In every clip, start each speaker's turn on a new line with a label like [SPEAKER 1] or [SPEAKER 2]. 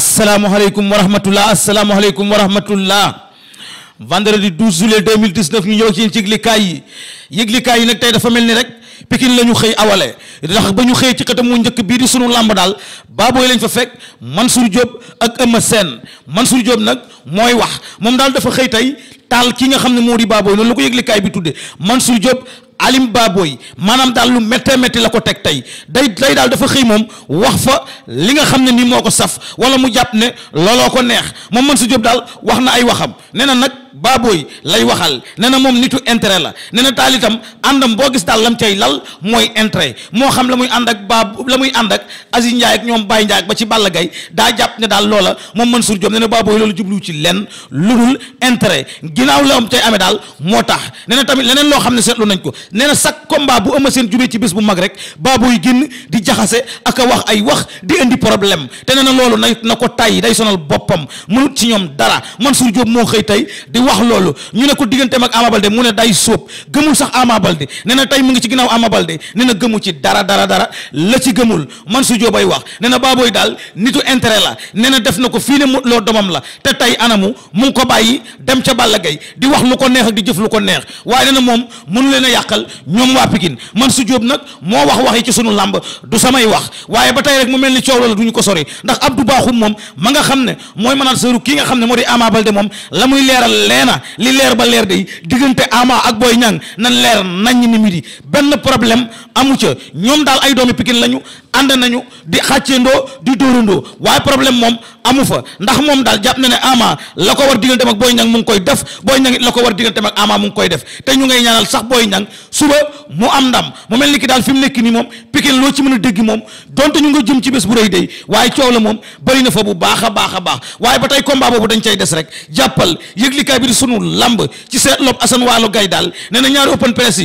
[SPEAKER 1] asalaamaaleykum wa rahmatullah asalaamaaleykum wa rahmatullah vendredi 12 juillet 2019 ñu ñëw ci yëglikaay yi yëglikaay yi nag tey dafa mel ni rek Pikine la ñu xëy awale ndax ba ñu xëy ci xëtam mu njëkk bii di sunu làmb daal baabooy lañ fa fekk Mansour Diop ak Eumeu Sène Mansour Diop nag mooy wax moom daal dafa xëy tey taal ki nga xam ne moo di baabooy loolu la ko yëglikaay bi tuddee Mansour Diop alim baabooy maanaam daal lu méttee métti la ko teg tey day day daal dafa xëy moom wax fa li nga xam ne nii moo ko saf wala mu jàpp ne looloo ko neex moom Mansour Diop daal wax na ay waxam nee na nag baabooy lay waxal nee na moom nitu intérêt la nee na taal itam àndam boo gis daal lam cay lal mooy intérêt moo xam la muy ànd ak baab la muy ànd ak Aziz Ndiaye ak ñoom Baye Ndiaye ak ci Balla Gaye daa jàpp ne daal loola moom Mansour Diop nee na baabooy loolu jublu ci lenn lu dul intérêt ginnaaw la am cay amee daal moo tax nee na tamit leneen loo xam ne seetlu nañ ko nee na chaque combat bu Eumeu seen jubee ci bis bu mag rek baabooy génn di jaxase ak a wax ay wax di indi problème te nee na loolu na na ko tàyyi day sonal boppam mënut ci ñoom dara Mansour Diop moo xëy tey di wax loolu ñu ne ko digganteem ak Ama mu ne day sóob gëmul sax Ama Baldé nee na tey mu ngi ci ginnaaw Ama Baldé nee na gëmu ci dara dara dara la ci gëmul Mansour Diop ay wax nee na baabooy daal nitu intérêt la nee na def na ko fii ne mu loo domam la te tey anamu mu ngi ko bàyyi dem ca Balla Gaye di wax lu ko neex ak di jëf lu ko neex waaye nee na moom mënu leen a yàqal dal ñoom waa Pikine Mansour Diop nag moo wax wax yi ci sunu làmb du samay wax waaye ba tey rek mu mel ni coow la du ko sori ndax Abdou Bakhoum moom ma nga xam ne mooy mënaan sëru kii nga xam ne moo di Ama Baldé moom la muy leeral leena li leer ba leer day diggante Ama ak Boy Niang nan leer nañ ni midi benn problème amu ca ñoom daal ay doomi Pikine lañu ànd nañu di xàccendoo di dóorandoo waaye problème moom amu fa ndax moom daal jàpp na ne ama la ko war digganteem ak mu ngi koy def Boy Niang la ko war digganteem ak ama mu ngi koy def te ñu ngay ñaanal sax Boy Niang suba mu am ndam mu mel ni ki daal fi mu nekk nii moom Pikine loo ci mën a dégg moom donte bu rëy day waaye coow la moom bëri na fa bu a a baax waaye ba tey combat boobu dañ cay des rek jàppal yëglikaay bi di sunu lamb ci seetloob Assane Waalo Gay daal nee na ñaari open press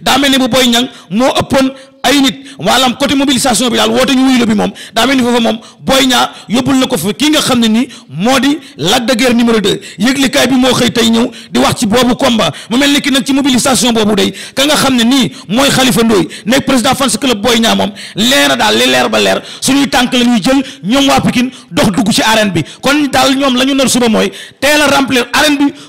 [SPEAKER 1] daa mel ni bu Boy Niang moo ëppoon ay nit maanaam côté mobilisation bi daal woote ñu wuyu bi moom daa mel ni foofa moom Boy Niang yóbbul na ko fa ki moo di Lac de Guiers numéro 2 yëglikaay bi moo xëy tey ñëw di wax ci boobu combat mu mel ni ki nag ci mobilisation boobu day ka nga xam ne nii mooy xalifa Ndoye nekk président fans club Boy Niang moom leer daal li leer ba leer suñuy tànk la ñuy jël ñoom waa Pikine dox dugg ci arène bi kon daal ñoom la ñu nar suba mooy teel a remplir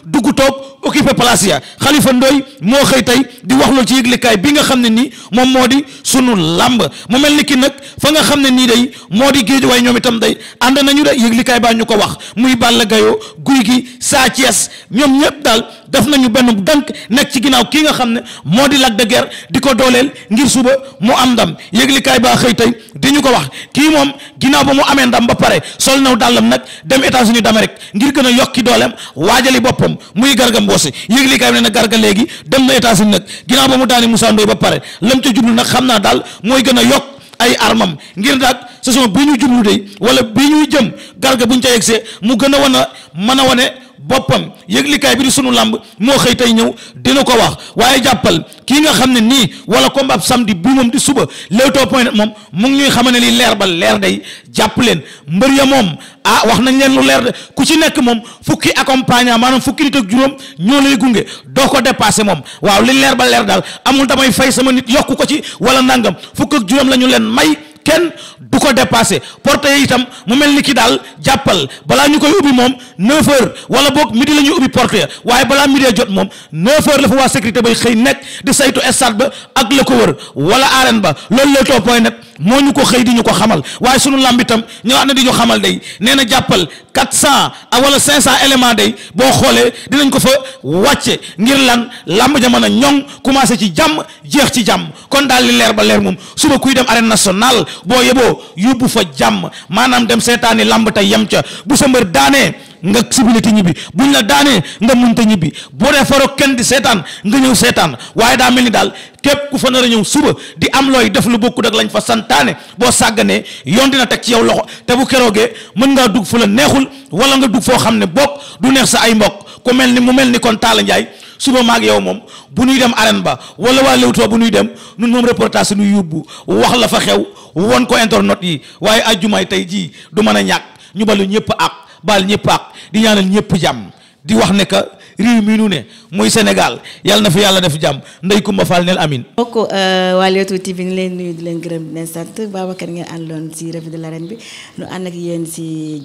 [SPEAKER 1] dugg toog occupé place ya Khalifa Ndoye moo xëy tey di wax loolu ci yëglekaay bi nga xam ne nii moom moo di sunu làmb mu mel ni ki nag fa nga xam ne nii day moo di géej waaye ñoom itam day ànd nañu de yëglekaay baa ñu ko wax muy Balla Gaye Gouye Gui Sa Thiès ñoom ñëpp daal def nañu benn dànk nekk ci ginnaaw kii nga xam ne moo di lag de di ko dooleel ngir suba mu am ndam yëglikaay baa xëy tey di ñu ko wax kii moom ginnaaw ba mu amee ndam ba pare sol naw dàllam nag dem États-Unis rek ngir gën a yokki dooleem waajali boppam muy garga mboose yëglikaay bi ne na garga léegi dem na États-Unis nag ginnaaw ba mu daani Moussa Ndoye ba pare lam ca jublu nag xam naa daal mooy gën a yokk ay armam ngir daal saison bi ñu jublu de wala bi ñuy jëm garga bu ñu ca yegsee mu gën a wan a mën a wane boppam yëglikaay bi di suñu làmb moo xëy tey ñëw dina ko wax waaye jàppal kii nga xam ne nii wala combat samdi bu moom di suba Leewtoo point moom mu ngi ñuy xama li leer ba leer day jàpp leen mbër ya moom ah wax nañ leen lu leer de ku ci nekk moom fukki accompagnant maanaam fukki nit ak juróom ñoo lay gunge doo ko dépassé moom waaw li leer ba leer daal amul damay fay sama nit yokku ko ci wala nangam fukk ak juróom la ñu leen may kenn du ko dépassé porte yi itam mu mel ni ki daal jàppal balaa ñu koy ubbi moom neuf heures wala boog midi la ñuy ubbi porte ya waaye balaa midi jot moom neuf heures la fa waa sécurité bay xëy nekk di saytu stade ba ak la ko wër wala arène ba loolu Leewtoo point net moo ñu ko xëy di ñu ko xamal waaye sunu làmb itam ñëwaat na di ñu xamal day nee na jàppal quatre sant wala cinq cent élément day boo xoolee dinañ ko fa wàcce ngir lan làmb ja ñoŋ commencé ci jàmm jeex ci jàmm kon daal li leer ba leer moom suba kuy dem arène nationale boo yeboo yóbbu fa jàmm maanaam dem seetaani làmb te yem ca bu sa mbër daanee nga sibile te bu ñu la daanee nga muñ te ñibbi boo dee faroo kenn di seetaan nga ñëw seetaan waaye daa mel ni daal képp ku fa nar a ñëw suba di am looy def lu bokkut ak lañ fa santaane boo sàgganee yoon dina teg ci yow loxo te bu keroogee mën ngaa dugg fu la neexul wala nga dugg foo xam ne bopp du neex sa ay mbokk ku mel ni mu mel ni kon Talla Ndiaye suba maag yow moom bu ñuy dem arène ba wala waa Leewtoo bu ñuy dem nun moom reportage suñuy yóbbu wax la fa xew won ko internet yi waaye ajjumaay tey jii du mën a ñàkk ñu balu ñëpp ak baal ñëpp ak di ñaanal ñëpp jàmm di wax ne ka réew mi nu ne muy Sénégal yàlla na fi yàlla def jàmm ndey Kumba Fall neel amin
[SPEAKER 2] mbokk euh, waa Leewtoo TV ñu leen nuyu di leen gërëm di leen sant Babacar ngeen àndoon ci revue de l'arène bi nu ànd ak yéen ci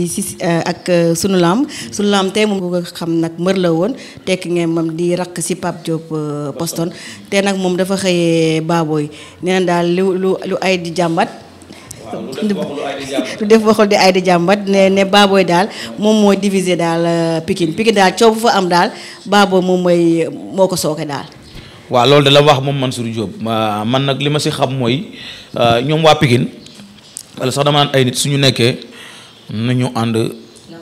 [SPEAKER 2] si euh, ak euh, sunu laam sunu laam tey xam nag mbër la woon tekki ngeen moom di rakk si Pape Diop Poston te nag moom dafa xëyee baabooy nee na daal lu lu ay di jàmbat lu def waxul di ay di jàmbat ne ne baabooy daal moom mooy diviser daal euh, Pikine Pikine daal coow fa am daal baabooy moom mooy moo ko sooke daal.
[SPEAKER 1] waaw loolu de la wax moom Mansour Diop man nag li ma si xam mooy euh, ñoom waa Pikine wala sax dama naan ay nit suñu nekkee nañu ànd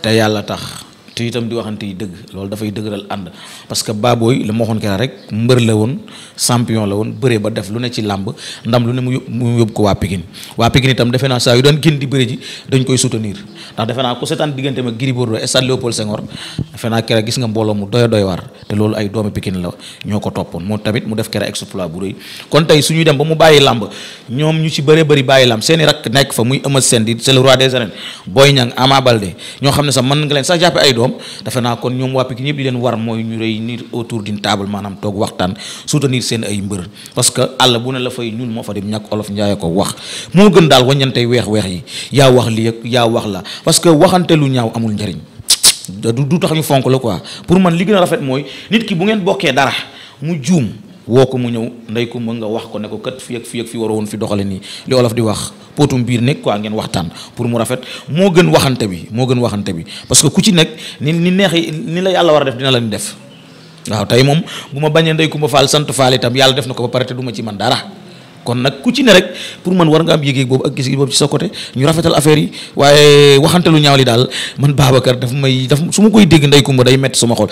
[SPEAKER 1] te yàlla tax. te itam di waxante yi dëgg loolu dafay dëgëral ànd parce que Baboy la ma waxoon keroog rek mbër la woon champion la woon bëree ba def lu ne ci làmb ndam lu ne mu yóbbu ko waa Pikine waa Pikine itam defe naa saa yu doon génn di bëri ji dañ koy soutenir ndax defe naa ku seetaan diggante ma Gris Bordeaux stade Léopold Senghor defe naa keroog gis nga mbooloo mu doy doy te loolu ay doomi Pikine la ñoo ko toppoon moo tamit mu def keroog exploit bu rëy kon tey doom defe naa kon ñoom waa Pikine ñëpp di leen war mooy ñu réunir autour d'une table maanaam toog waxtaan soutenir seen ay mbër parce que àll bu ne la fay ñuul moo fa dem ñàkk olof njaaye ko wax moo gën daal waññantey weex-weex yi yaa wax lii yaa wax la parce que waxante lu ñaaw amul njariñ du tax ñu fonk la quoi pour man li gën a rafet mooy nit ki bu ngeen bokkee dara mu juum woo ko mu ñëw ndey mën nga wax ko ne ko kat fii ak fi ak fii waroon fi doxali nii li olof di wax potum biir nekk quoi ngeen waxtaan pour mu rafet moo gën waxante bi moo gën waxante bi parce que ku ci nekk ni ni neexi ni la yàlla war a def dina la def waaw tey moom bu ma bañee ndey ku ma faal sant faal itam yàlla def na ko ba pare te du ci man dara kon nag ku ci ne rek pour man war nga am yéeg boobu ak gis-gis boobu ci sa côté ñu rafetal affaire yi waaye waxante ñaaw li daal man Babacar daf may daf su ma koy dégg ndey kumba day metti sama xol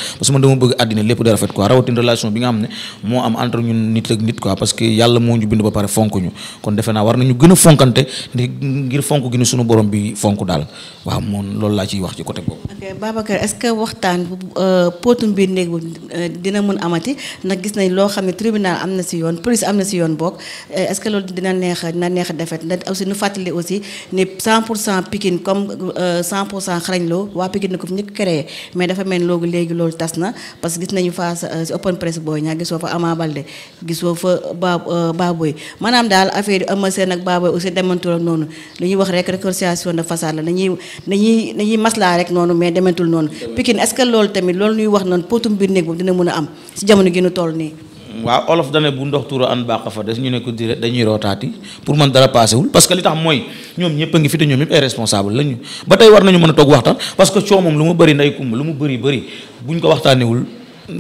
[SPEAKER 1] parce que yàlla moo ñu bind ba pare fonk ñu kon defe naa war nañu gën a fonkante ngir fonk gi ni suñu borom bi fonk daal waaw moom loolu laa ciy wax ci côté boobu.
[SPEAKER 2] ok Babacar waxtaan bu euh, póotum biir néeg euh, dina mun amati ndax gis nañ loo xam ne tribunal Euh, est dina neex dina neex defet na aussi nu fàttali aussi ne 100 pour cent Pikine comme 100 euh, pour cent Xarañ Lo waa Pikine na ko fi njëkk créé mais dafa mel loogu léegi loolu tas na parce que gis nañu fa euh, si open press booy ñaa gisoo fa Ama Baldé gisoo fa ba Baboy maanaam daal affaire yi Eumeu Sène ak Baboy aussi demantul ak noonu lu ñuy wax rek réconciliation de façade la ñuy na ñuy maslaa rek noonu mais demantul noonu Pikine est-ce loolu tamit loolu ñuy wax noonu potum biir néeg boobu dina mën a am si jamono gi nu nii
[SPEAKER 1] waaw olof dana bu ndox tuura an baax fa des ñu ne ko dire dañuy rootaati pour man dara paasewul parce que li tax mooy ñoom ñëpp ngi fi te ñoom ñëpp ay responsable lañu ba tey war nañu mën a toog waxtaan parce que coow moom lu mu bëri nday kumb lu mu bëri bëri buñ ko waxtaanewul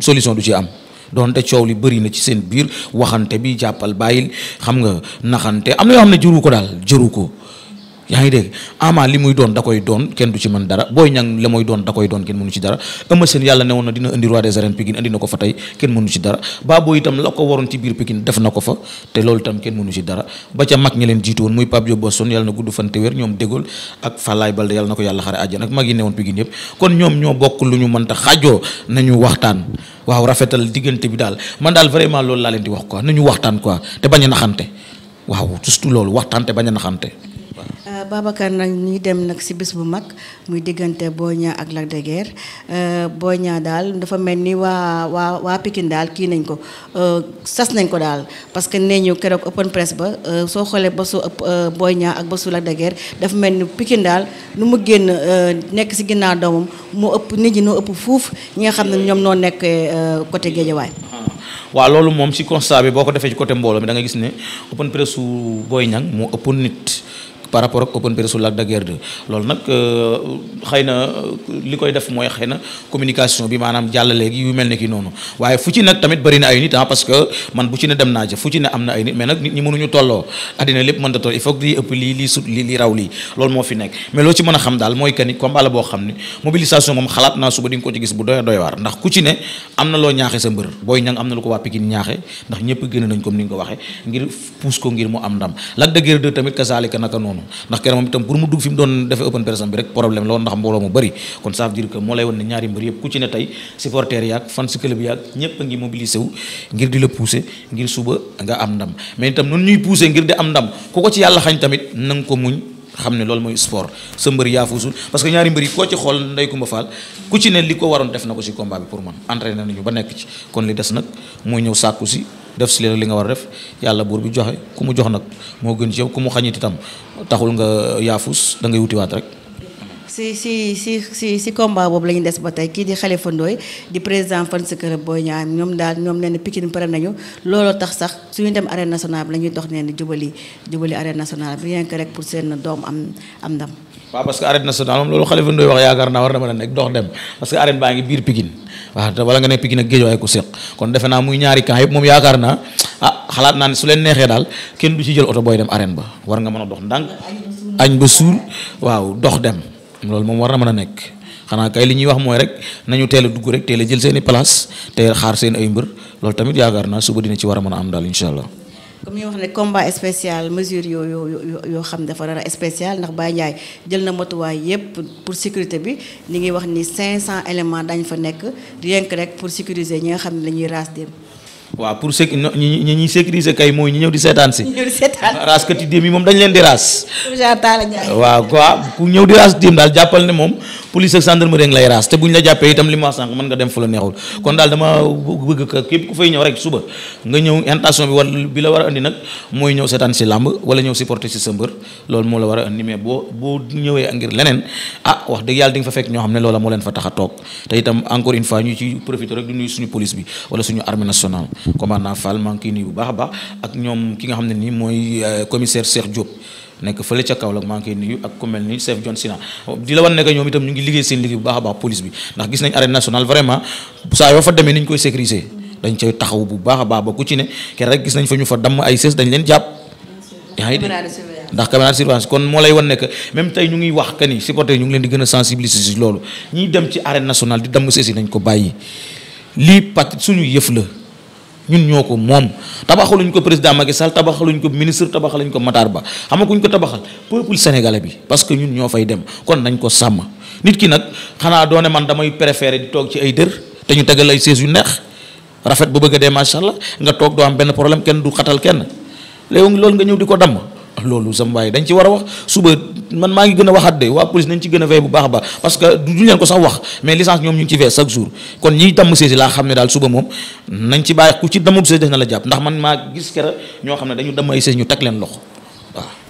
[SPEAKER 1] solution du ci am doonte coow li bëri na ci seen biir waxante bi jàppal bàyyil xam nga naxante am na yoo xam ne jëru ko daal jëru ko yaa ngi dégg ama li muy doon da koy doon kenn du ci mën dara booy ñan la muy doon da koy doon kenn mënu ci dara Eumeu Sène yàlla ne woon na dina indi roi des arènes Pikine indi na ko fa tey kenn mënu ci dara baaboo itam la ko waroon ci biir Pikine def na ko fa te loolu itam kenn mënu ci dara ba ca mag ñi leen jiitu woon muy Pape Diop Boston yàlla na gudd fan te wér ñoom dégol ak Falaye Balde yàlla na ko yàlla xare àjjana ak mag yi ne woon Pikine yëpp kon ñoom ñoo bokk lu ñu mënta xajoo nañu waxtaan waaw rafetal diggante bi daal man daal vraiment loolu leen di wax quoi nañu waxtaan quoi te bañ a naxante waaw surtout loolu waxtaan te a naxante
[SPEAKER 2] Euh, Babacar nag ñuy dem nag si bis bu mag muy diggante Boy ñaa ak Lac de Guiers euh, Boy Niang daal dafa mel ni waa waa waa Pikine daal kii nañ ko euh, sas nañ ko daal parce que nee ñu keroog open press ba soo xoolee ba su Boy Niang ak ba su Lac dafa mel ni pikin daal lu mu génn nekk si ginnaaw doomam mu ëpp nit ñi noo ëpp fuuf ñi nga xam ne ñoom noo nekk côté Guédiawaye ah.
[SPEAKER 1] waa loolu moom si constat bi boo ko defee ci côté mbooloo mi da gis ne open press Boy Niang par rapport ak open press Lac de Guiers 2 loolu nag euh, xëy li koy def mooy xëy communication bi maanaam jàllale gi yu mel ne ki noonu waaye fu ci nag tamit bëri na ay nit ah parce que man bu ci ne dem naa ci ne tolloo addina lépp mën lii ëpp lii lii sut lii loo ci mën a xam daal mooy kan ni combat la boo xam ni mobilisation moom xalaat naa suba di ko ci gis bu doy doy ndax ku ci ne am na loo ñaaxe sa mbër booy ñang am na lu ko waa ñaaxe ndax ñëpp gën nañ comme ni nga ko waxe ngir pousse ko ngir mu am ndam noonu ndax keroog moom itam pour mu dugg fi mu doon defee open person bi rek problème la woon ndax mbooloo mu bëri kon ça dire que moo lay woon ñaari mbër yëpp ku ci ne tey supporter yaag fan si club yaag ñëpp a ngi mobilisé wu ngir di la pousser ngir suba nga am ndam mais itam noonu ñuy pousser ngir di am ndam ko ko ci yàlla xañ tamit na ko muñ xam ne loolu mooy sport sa mbër yaafuusul parce que ñaari mbër yi koo ci xool ndey Kumba Faal ku ci ne li ko waroon def na ko ci combat bi nekk ci kon li des nag mooy ñëw sàkku si def si li nga war a def yàlla buur bi joxe ku mu jox nag moo gën ci yow ku mu xañit itam taxul nga yaafus da ngay wutiwaat rek.
[SPEAKER 2] si si si si si combat boobu la des ba tey kii di Khalifa Ndoye di président fan si kër Boy ñoom daal ñoom nee na Pikine pare nañu looloo tax sax su suñu dem arène nationale bi la ñuy dox nee na jubali jubali arène nationale bi rien que rek pour seen doom am am ndam.
[SPEAKER 1] waaw parce que arène nationale loolu Khalifa Ndoye wax yaakaar naa war na mën a nekk dox dem parce que arène baa ngi biir Pikine waaw te nga ne Pikine ak Guédiawaye ku séq kon defe naa muy ñaari camp yëpp moom yaakaar naa ah xalaat naa ne su leen neexee daal kenn du ci jël oto booy dem arène ba war nga mën a dox ndànk añ ba suur waaw dox dem loolu moom war na mën a nekk xanaa kay li ñuy wax mooy rek nañu teel a dugg rek teel a jël seen i place teel xaar seen ay mbër loolu tamit yaakaar naa dina ci war a mën a am daal incha
[SPEAKER 2] comme ñu wax ne combat spécial mesure yoo yoo xam dafa dara spécial ndax Baye Ndiaye jël na matuwaay yépp pour sécurité bi li ngay wax ni cinq 500 éléments dañ fa nekk rien que rek pour sécuriser ñi nga xam ne dañuy raas dem.
[SPEAKER 1] waaw pour sécu ñi ñi ñuy sécuriser kay mooy ñi ñëw di seetaan si. ñëw
[SPEAKER 2] di seetaan raas kati
[SPEAKER 1] déem yi moom dañ leen di raas. waa quoi ku ñëw di raas déem daal jàppal ne moom. police ak gendarmerie lay raas te buñ la jàppee itam li ma nga dem fu la neexul kon daal dama bëgg ka képp ñëw rek suba nga ñëw intention bi war a andi nag mooy ñëw seetaan supporter si sa mbër loolu moo la war a andi mais boo boo ñëwee ngir leneen ah wax dëgg yàlla di fa fekk ñoo xam ne loola moo leen fa tax toog te itam encore une fois ñu ci profité rek di suñu police bi wala suñu armée nationale euh, commissaire Cheikh Diop nekk fële ca Kaolack maa ngi koy nuyu ak ku mel ni chef John Sina di la wan ne ñoom itam ñu ngi liggéey seen liggéey bu baax a baax police bi ndax gis nañ arène nationale vraiment saa yoo fa demee ni ñu koy sécuriser dañ cay taxaw bu baax a baax ba ku ci kenn rek gis nañ fa ñu fa damm ay sës dañ leen jàpp yaa ngi dégg ndax caméra de surveillance kon moo lay wan ne que même tey ñu ngi wax que ni supporter ñu ngi leen di gën a si loolu ñiy dem ci arène national di damm sës yi nañ ko bàyyi lii pat suñu yëf la ñun ñoo ko moom tabaxaluñ ko président Macky Sall tabaxaluñ ko ministre tabaxaluñ ko Matar Ba xam nga kuñ ko tabaxal peuple sénégalais bi parce que ñun ñoo fay dem kon nañ ko sàmm nit ki nag xanaa doone man damay préféré di toog ci ay dër te ñu tegal ay sées yu neex rafet ba bëgg dee macha allah nga toog doo am benn problème kenn du xatal kenn léegi loolu nga ñëw di ko damm. loolu sam waaye dañ ci war a wax suba man maa ngi gën a waxaat de waa police nañ ci gën a bu baax baax parce que duñ leen ko sax wax mais licence ñoom ñu ngi ci fee chaque jour kon ñiy damm saisi laa xam ne daal suba moom nañ ci bàyyi ku ci dammub saisi def ndax man maa gis kera ñoo xam ne dañu damm ay saisi ñu teg leen loxo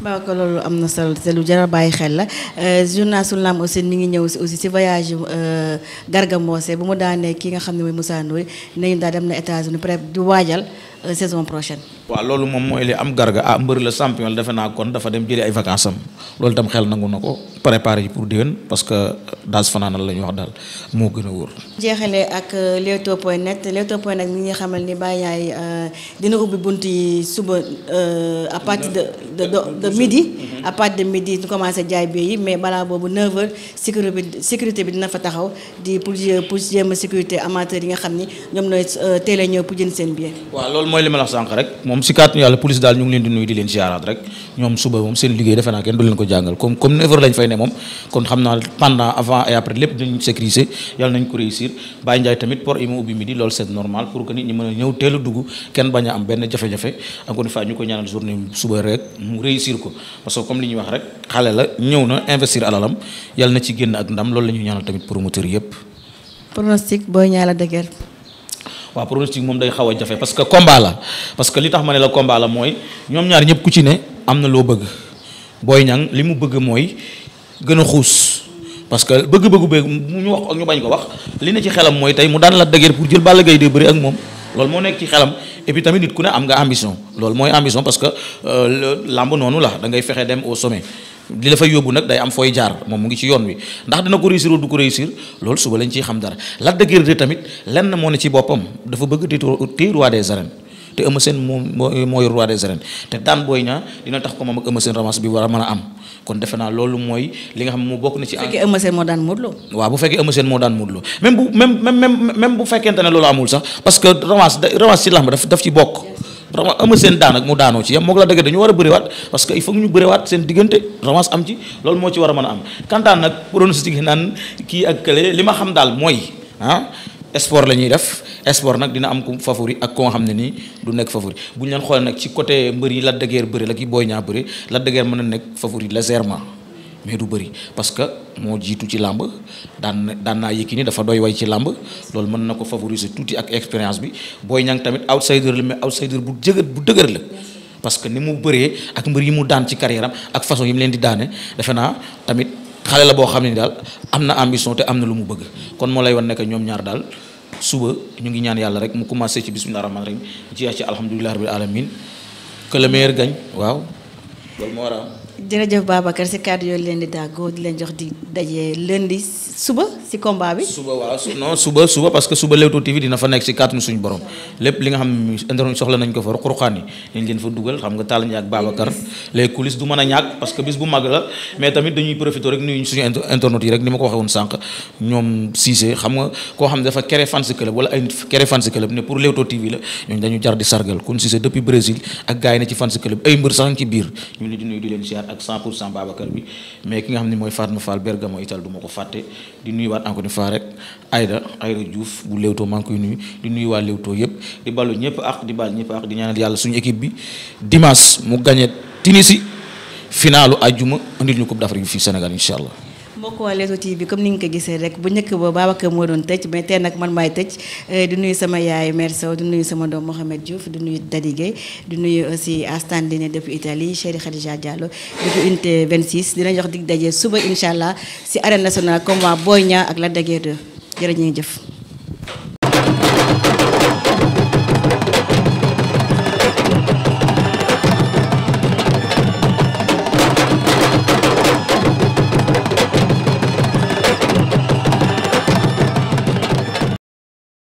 [SPEAKER 2] waaw ko loolu am na solo te lu jar a bàyyi xel la euh, journal sunu lamb aussi mi ngi ñëw aussi si voyage euh, Garga Mbossé bu mu daanee ki nga xam ne mooy Moussa Ndoye nañu daal dem na états di waajal Euh, saison prochaine.
[SPEAKER 1] waaw loolu moom mooy li am garga ah mbër la champion la defe naa kon dafa dem jëli ay vacances am loolu tam xel nangu na ko préparer yi pour déwén parce que euh, daas fanaanal la ñuy wax daal moo gën a wóor.
[SPEAKER 2] jeexale ak euh, Leewtoo point net Leewtoo point net mi ngi xamal ni Baye dina ubbi bunt yi suba à partir de de de midi. à partir de midi ñu commencé jaay bee yi mais balaa boobu 9h sécurité bi dina fa taxaw di pour pour sécurité sécurité amateur yi nga xam ni ñoom ñooy teel a ñëw pour jënd seen billet.
[SPEAKER 1] mooy li ma la wax sànq rek moom si kàttan yàlla police daal ñu ngi leen di nuyu di leen siyaaraat rek ñoom suba moom seen liggéey defe naa kenn du leen ko jàngal comme comme ne moom kon nit ñi mën a ñëw teel dugg kenn bañ a am benn jafe-jafe encore une fois ñu ko ñaanal journée suba rek mu réussir ko parce que comme li wax rek xale la ñëw na investir alalam yàlla na ci génn ak ndam loolu la ñuy ñaanal tamit promoteurs yëpp
[SPEAKER 2] pronostic booy ñaala dëgër
[SPEAKER 1] waaw pronostic moom day xaw a jafe parce que combat la parce que li tax ma ne la combat la mooy ñoom ñaar ñëpp ku ci ne am na loo bëgg Boy ñan li mu bëgg mooy gën a xuus parce que bëgg-bëggu beeg mu ñu wax ak ñu bañ ko wax li ne ci xelam mooy tey mu daan la dëgër pour jël Balla Gaye de bëri ak moom loolu moo nekk ci xelam et tamit nit ku ne am nga ambition loolu mooy ambition parce que euh, làmb noonu la da ngay fexe dem o sommet li la fay yóbbu nag day am fooy jaar moom mu ngi ci yoon wi ndax dina ko réussir du ko réussir loolu suba lañ ciy xam dara Lac de Guiers tamit lenn moo ne ci boppam dafa bëgg di roi des arènes te Eumeu moom moo yor roi des arènes te daan Boy Niang dina tax ko moom ak Eumeu Sène bi war a mën a am kon defe naa loolu mooy li nga xam ne mu bokk na ci. bu fekkee
[SPEAKER 2] Eumeu Sène moo daan Modou
[SPEAKER 1] Lô. bu fekkee Eumeu moo daan Modou Lô
[SPEAKER 2] même bu même même même bu
[SPEAKER 1] fekkente ne loolu amul sax que revanche revanche ci làmb daf daf ci revanche Eumeu seen daan ak mu daanoo ci yam moog la dëgg dañu war a bëriwaat parce que il faut ñu bëriwaat seen diggante revanche am ci loolu moo ci war a mën a am kantaan nag pronostic naan kii ak kële li ma xam daal mooy ah sport la ñuy def sport nag dina am ku favori ak koo xam ne nii du nekk favori bu ñu leen xoolee nag ci côté mbër yi la de Guiers bëri la ki Boy Niang bëri Lac de mën a nekk favori légèrement mais du bëri parce que moo jiitu ci làmb daan daan naa Yékini dafa doy way ci làmb loolu mën na ko favoriser tuuti ak expérience bi Boy Niang tamit outsider la mais outsider bu jëgër bu dëgër la parce que ni mu bëree ak mbër yi mu daan ci carrière am ak façon yi mu leen di daane defe naa tamit xale la boo xam ne daal am na ambition te am na lu mu bëgg kon moo lay wan nekk ñoom ñaar daal suba ñu ngi ñaan yàlla rek mu commencé ci bismillah rahman rahim jiyaa ci alhamdulilah rabil alamin que
[SPEAKER 2] jërëjëf Babacar si kàddu yooyu leen di dàggoo di leen jox di daje lundi suba si combat bi. suba waaw non
[SPEAKER 1] suba suba parce que suba Leewtoo TV dina fa nekk si kàttanu suñu borom lépp li nga xam nga Talla ak Babacar les coulisses du mën a ñàkk parce que bis bu mag la mais tamit dañuy profité rek nuyu suñu internet yi rek ni ma ko waxee woon sànq ñoom Cissé xam nga koo xam ne dafa créé fans club wala ay créé fans club ne pour Leewtoo TV la ñooñu Babacar ak 100 pour cent Babacar bi mais ki nga xam ne mooy Fatma Fall Bergamo ital du ma ko fàtte di nuyuwaat encore une fois rek Aïda Aïda Diouf bu Leewtoo maa ngi koy nuyu di nuyu waa Leewtoo yëpp di ballu ñëpp ak di baal ñëpp ak di ñaanal yàlla suñu équipe bi dimanche mu gagné Tunisie finalu ajjuma indil ñu Coupe d'Afrique bi fii Sénégal incha allah
[SPEAKER 2] mbokk waa Leewtoo TV bi comme ni nga ko gisee rek bu njëkk ba Babacar moo doon tëj mais tey nag man maay tëj euh, di nuyu sama yaay Mère Sow di nuyu sama doom Mohamed Diouf di nuyu Dadi Gueye di nuyu aussi Astane Diné depuis Italie Chéri Khadija Diallo depuis unité 26 dina jox dig daje suba incha allah si arène nationale combat booy Niang ak la de Guiers 2 jërëjëf.